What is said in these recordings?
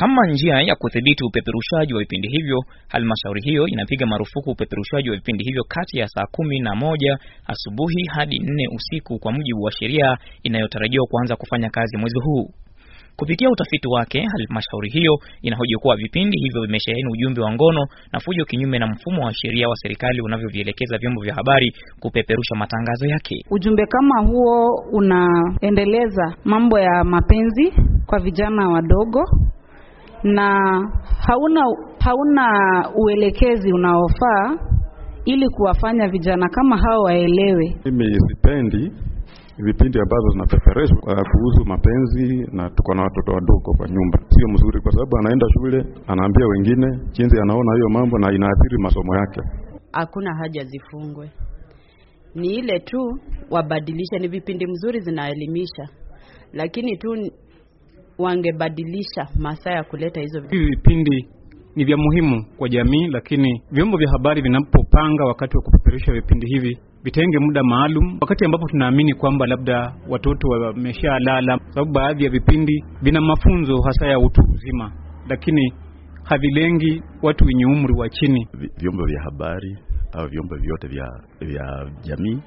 Kama njia ya kudhibiti upeperushaji wa vipindi hivyo, halmashauri hiyo inapiga marufuku upeperushaji wa vipindi hivyo kati ya saa kumi na moja asubuhi hadi nne usiku kwa mujibu wa sheria inayotarajiwa kuanza kufanya kazi mwezi huu. Kupitia utafiti wake, halmashauri hiyo inahoji kuwa vipindi hivyo vimesheheni ujumbe wa ngono na fujo, kinyume na mfumo wa sheria wa serikali unavyovielekeza vyombo vya habari kupeperusha matangazo yake. Ujumbe kama huo unaendeleza mambo ya mapenzi kwa vijana wadogo na hauna, hauna uelekezi unaofaa ili kuwafanya vijana kama hao waelewe. Mimi sipendi vipindi ambazo zinapepereshwa uh, kuhusu mapenzi na tuko na watoto wadogo kwa nyumba, sio mzuri, kwa sababu anaenda shule anaambia wengine jinsi anaona hiyo mambo na inaathiri masomo yake. Hakuna haja zifungwe, ni ile tu wabadilishe. Ni vipindi mzuri, zinaelimisha, lakini tu wangebadilisha masaa ya kuleta hizo hivi vipindi ni vya muhimu kwa jamii, lakini vyombo vya habari vinapopanga wakati wa kupeperusha vipindi hivi vitenge muda maalum, wakati ambapo tunaamini kwamba labda watoto wameshalala, sababu baadhi ya vipindi vina mafunzo hasa ya utu uzima, lakini havilengi watu wenye umri wa chini. Vyombo vya habari au vyombo vyote vya vya jamii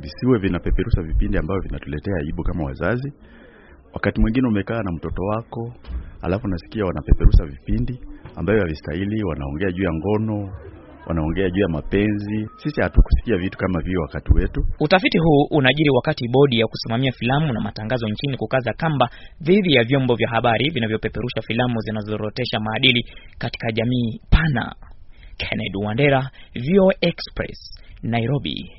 visiwe vinapeperusha vipindi ambavyo vinatuletea aibu kama wazazi. Wakati mwingine umekaa na mtoto wako, alafu nasikia wanapeperusha vipindi ambayo havistahili, wanaongea juu ya ngono wanaongea juu ya mapenzi. Sisi hatukusikia vitu kama vio wakati wetu. Utafiti huu unajiri wakati bodi ya kusimamia filamu na matangazo nchini kukaza kamba dhidi ya vyombo vya habari vinavyopeperusha filamu zinazorotesha maadili katika jamii pana. Kennedy Wandera, Vio Express, Nairobi.